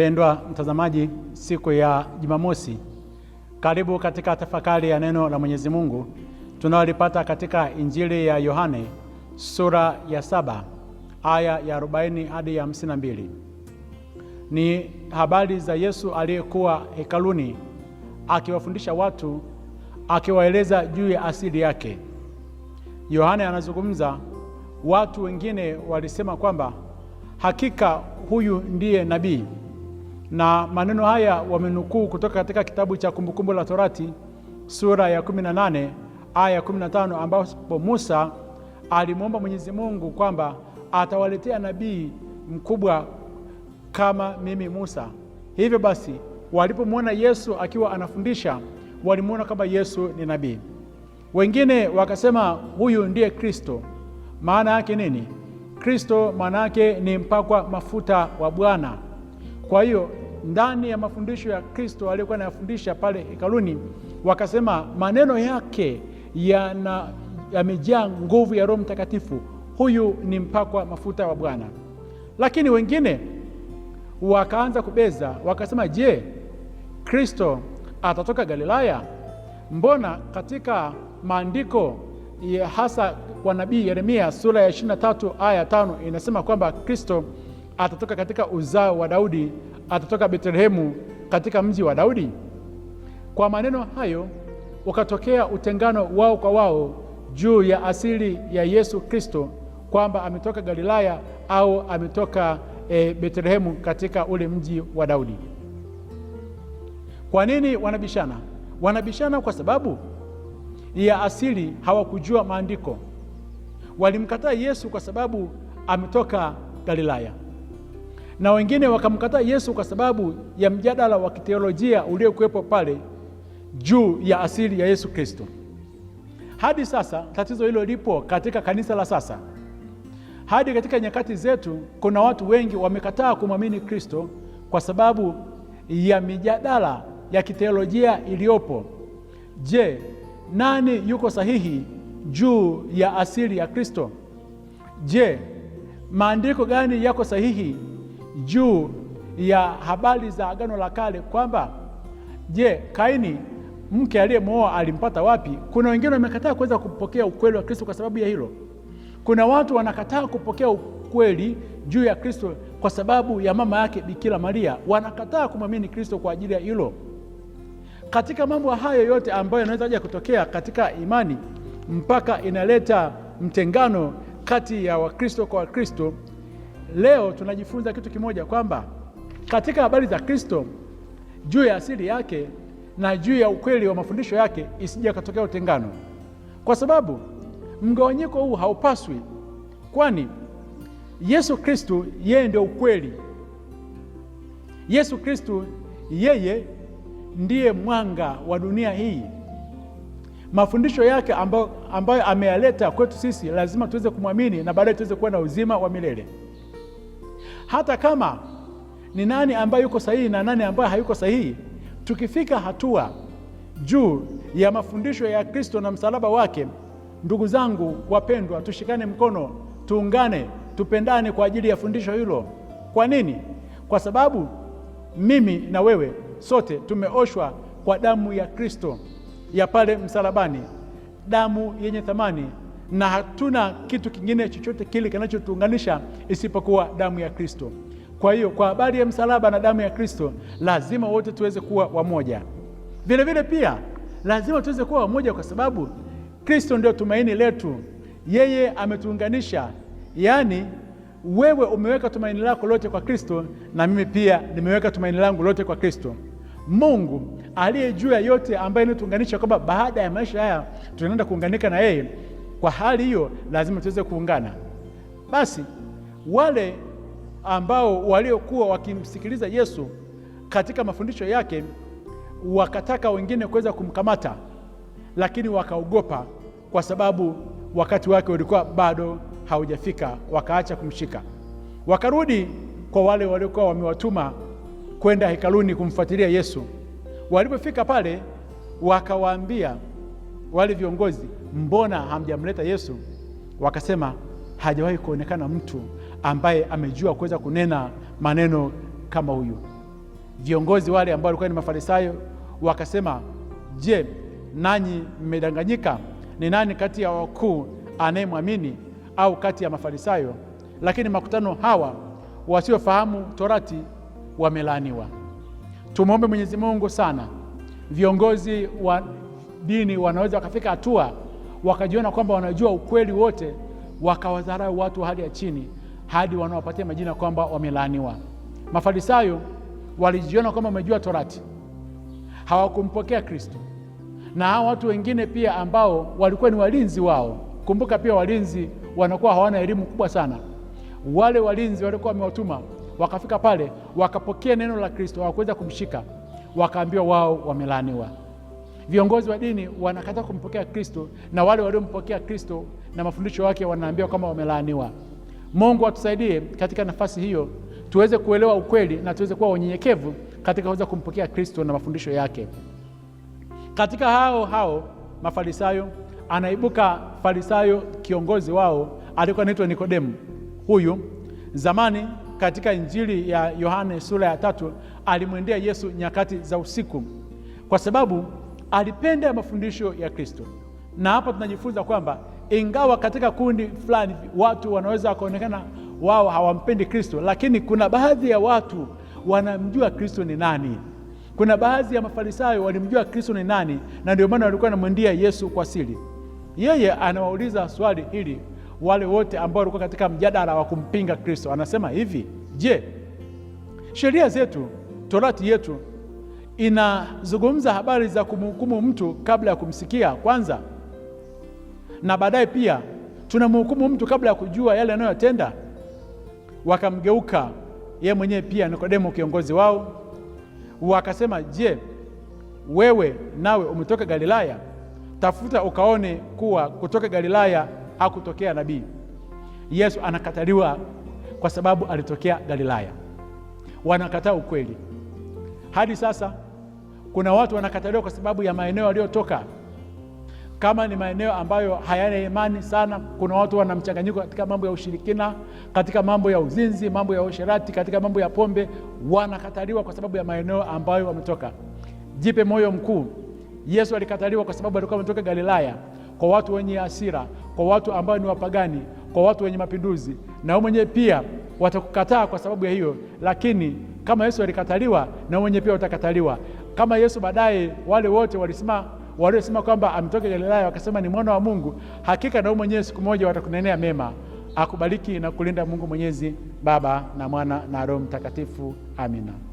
Mpendwa mtazamaji, siku ya Jumamosi, karibu katika tafakari ya neno la Mwenyezi Mungu tunalipata katika Injili ya Yohane sura ya saba aya ya arobaini hadi ya hamsini na mbili. Ni habari za Yesu aliyekuwa hekaluni akiwafundisha watu, akiwaeleza juu ya asili yake. Yohane anazungumza, watu wengine walisema kwamba hakika huyu ndiye nabii na maneno haya wamenukuu kutoka katika kitabu cha Kumbukumbu la Torati sura ya 18 aya ya 15 ambapo Musa alimwomba Mwenyezi Mungu kwamba atawaletea nabii mkubwa kama mimi Musa. Hivyo basi walipomwona Yesu akiwa anafundisha, walimwona kama Yesu ni nabii. Wengine wakasema huyu ndiye Kristo. Maana yake nini? Kristo maana yake ni mpakwa mafuta wa Bwana. Kwa hiyo ndani ya mafundisho ya Kristo aliyokuwa anayafundisha pale hekaluni, wakasema maneno yake yana yamejaa nguvu ya Roho Mtakatifu, huyu ni mpakwa mafuta wa Bwana. Lakini wengine wakaanza kubeza, wakasema, je, Kristo atatoka Galilaya? Mbona katika maandiko hasa kwa nabii Yeremia sura ya 23 aya tano inasema kwamba Kristo atatoka katika uzao wa Daudi atatoka Betlehemu katika mji wa Daudi. Kwa maneno hayo ukatokea utengano wao kwa wao juu ya asili ya Yesu Kristo kwamba ametoka Galilaya au ametoka e, Betlehemu katika ule mji wa Daudi. Kwa nini wanabishana? Wanabishana kwa sababu ya asili, hawakujua maandiko. Walimkataa Yesu kwa sababu ametoka Galilaya na wengine wakamkataa Yesu kwa sababu ya mjadala wa kiteolojia uliokuwepo pale juu ya asili ya Yesu Kristo. Hadi sasa tatizo hilo lipo katika kanisa la sasa. Hadi katika nyakati zetu kuna watu wengi wamekataa kumwamini Kristo kwa sababu ya mijadala ya kiteolojia iliyopo. Je, nani yuko sahihi juu ya asili ya Kristo? Je, maandiko gani yako sahihi juu ya habari za Agano la Kale kwamba je, Kaini mke aliyemwoa alimpata wapi? Kuna wengine wamekataa kuweza kupokea ukweli wa Kristo kwa sababu ya hilo. Kuna watu wanakataa kupokea ukweli juu ya Kristo kwa sababu ya mama yake Bikira Maria, wanakataa kumwamini Kristo kwa ajili ya hilo. Katika mambo hayo yote ambayo yanaweza kutokea katika imani, mpaka inaleta mtengano kati ya Wakristo kwa Wakristo Leo tunajifunza kitu kimoja kwamba katika habari za Kristo juu ya asili yake na juu ya ukweli wa mafundisho yake isije katokea utengano, kwa sababu mgawanyiko huu haupaswi, kwani Yesu Kristu yeye ndio ukweli. Yesu Kristu yeye ndiye mwanga wa dunia hii. Mafundisho yake ambayo, ambayo ameyaleta kwetu sisi lazima tuweze kumwamini na baadaye tuweze kuwa na uzima wa milele hata kama ni nani ambaye yuko sahihi na nani ambaye hayuko sahihi. Tukifika hatua juu ya mafundisho ya Kristo na msalaba wake, ndugu zangu wapendwa, tushikane mkono, tuungane, tupendane kwa ajili ya fundisho hilo. Kwa nini? Kwa sababu mimi na wewe sote tumeoshwa kwa damu ya Kristo ya pale msalabani, damu yenye thamani na hatuna kitu kingine chochote kile kinachotuunganisha isipokuwa damu ya Kristo. Kwa hiyo kwa habari ya msalaba na damu ya Kristo, lazima wote tuweze kuwa wamoja. Vilevile pia lazima tuweze kuwa wamoja, kwa sababu Kristo ndio tumaini letu, yeye ametuunganisha. Yaani wewe umeweka tumaini lako lote kwa Kristo, na mimi pia nimeweka tumaini langu lote kwa Kristo. Mungu aliye juu ya yote, ambaye inatuunganisha kwamba baada ya maisha haya tunaenda kuunganika na yeye kwa hali hiyo lazima tuweze kuungana. Basi wale ambao waliokuwa wakimsikiliza Yesu katika mafundisho yake wakataka wengine kuweza kumkamata, lakini wakaogopa kwa sababu wakati wake ulikuwa bado haujafika, wakaacha kumshika. Wakarudi kwa wale waliokuwa wamewatuma kwenda hekaluni kumfuatilia Yesu. Walipofika pale, wakawaambia wale viongozi, mbona hamjamleta Yesu? Wakasema hajawahi kuonekana mtu ambaye amejua kuweza kunena maneno kama huyu. Viongozi wale ambao walikuwa ni Mafarisayo wakasema, je, nanyi mmedanganyika? Ni nani kati ya wakuu anayemwamini au kati ya Mafarisayo? Lakini makutano hawa wasiofahamu torati wamelaaniwa. Tumwombe Mwenyezi Mungu sana viongozi wa dini wanaweza wakafika hatua wakajiona kwamba wanajua ukweli wote, wakawadharau watu hali ya chini hadi wanawapatia majina kwamba wamelaaniwa. Mafarisayo walijiona kwamba wamejua Torati, hawakumpokea Kristo. Na hao watu wengine pia ambao walikuwa ni walinzi wao, kumbuka pia walinzi wanakuwa hawana elimu kubwa sana. Wale walinzi walikuwa wamewatuma wakafika pale, wakapokea neno la Kristo, hawakuweza kumshika, wakaambiwa wao wamelaaniwa. Viongozi wa dini wanakataa kumpokea Kristo, na wale waliompokea Kristo na mafundisho yake wanaambiwa kama wamelaaniwa. Mungu atusaidie katika nafasi hiyo, tuweze kuelewa ukweli na tuweze kuwa wanyenyekevu katika kuweza kumpokea Kristo na mafundisho yake. Katika hao hao Mafarisayo anaibuka Farisayo kiongozi wao alikuwa anaitwa Nikodemu. Huyu zamani katika Injili ya Yohane sura ya tatu alimwendea Yesu nyakati za usiku kwa sababu alipenda mafundisho ya Kristo, na hapa tunajifunza kwamba ingawa katika kundi fulani watu wanaweza wakaonekana wao hawampendi Kristo, lakini kuna baadhi ya watu wanamjua Kristo ni nani. Kuna baadhi ya Mafarisayo walimjua Kristo ni nani, na ndio maana walikuwa wanamwendea Yesu kwa siri. Yeye anawauliza swali hili wale wote ambao walikuwa katika mjadala wa kumpinga Kristo, anasema hivi: Je, sheria zetu, torati yetu inazungumza habari za kumhukumu mtu kabla ya kumsikia kwanza, na baadaye pia tunamhukumu mtu kabla ya kujua yale anayotenda. Wakamgeuka yeye mwenyewe pia Nikodemo, kiongozi wao, wakasema, je, wewe nawe umetoka Galilaya? Tafuta ukaone kuwa kutoka Galilaya hakutokea nabii. Yesu anakataliwa kwa sababu alitokea Galilaya. Wanakataa ukweli hadi sasa. Kuna watu wanakataliwa kwa sababu ya maeneo waliotoka. Kama ni maeneo ambayo hayana imani sana, kuna watu wana mchanganyiko katika mambo ya ushirikina, katika mambo ya uzinzi, mambo ya usherati, katika mambo ya pombe, wanakataliwa kwa sababu ya maeneo ambayo wametoka. Jipe moyo mkuu. Yesu alikataliwa kwa sababu alikuwa ametoka Galilaya, kwa watu wenye hasira, kwa watu ambao ni wapagani, kwa watu wenye mapinduzi, na wewe mwenyewe pia watakukataa kwa sababu ya hiyo. Lakini kama Yesu alikataliwa, na wenye pia watakataliwa. Kama Yesu baadaye, wale wote walisema waliosema kwamba ametoka Galilaya wakasema ni mwana wa Mungu, hakika na wewe mwenyewe siku moja watakunenea mema. Akubariki na kulinda Mungu Mwenyezi, Baba na Mwana na Roho Mtakatifu. Amina.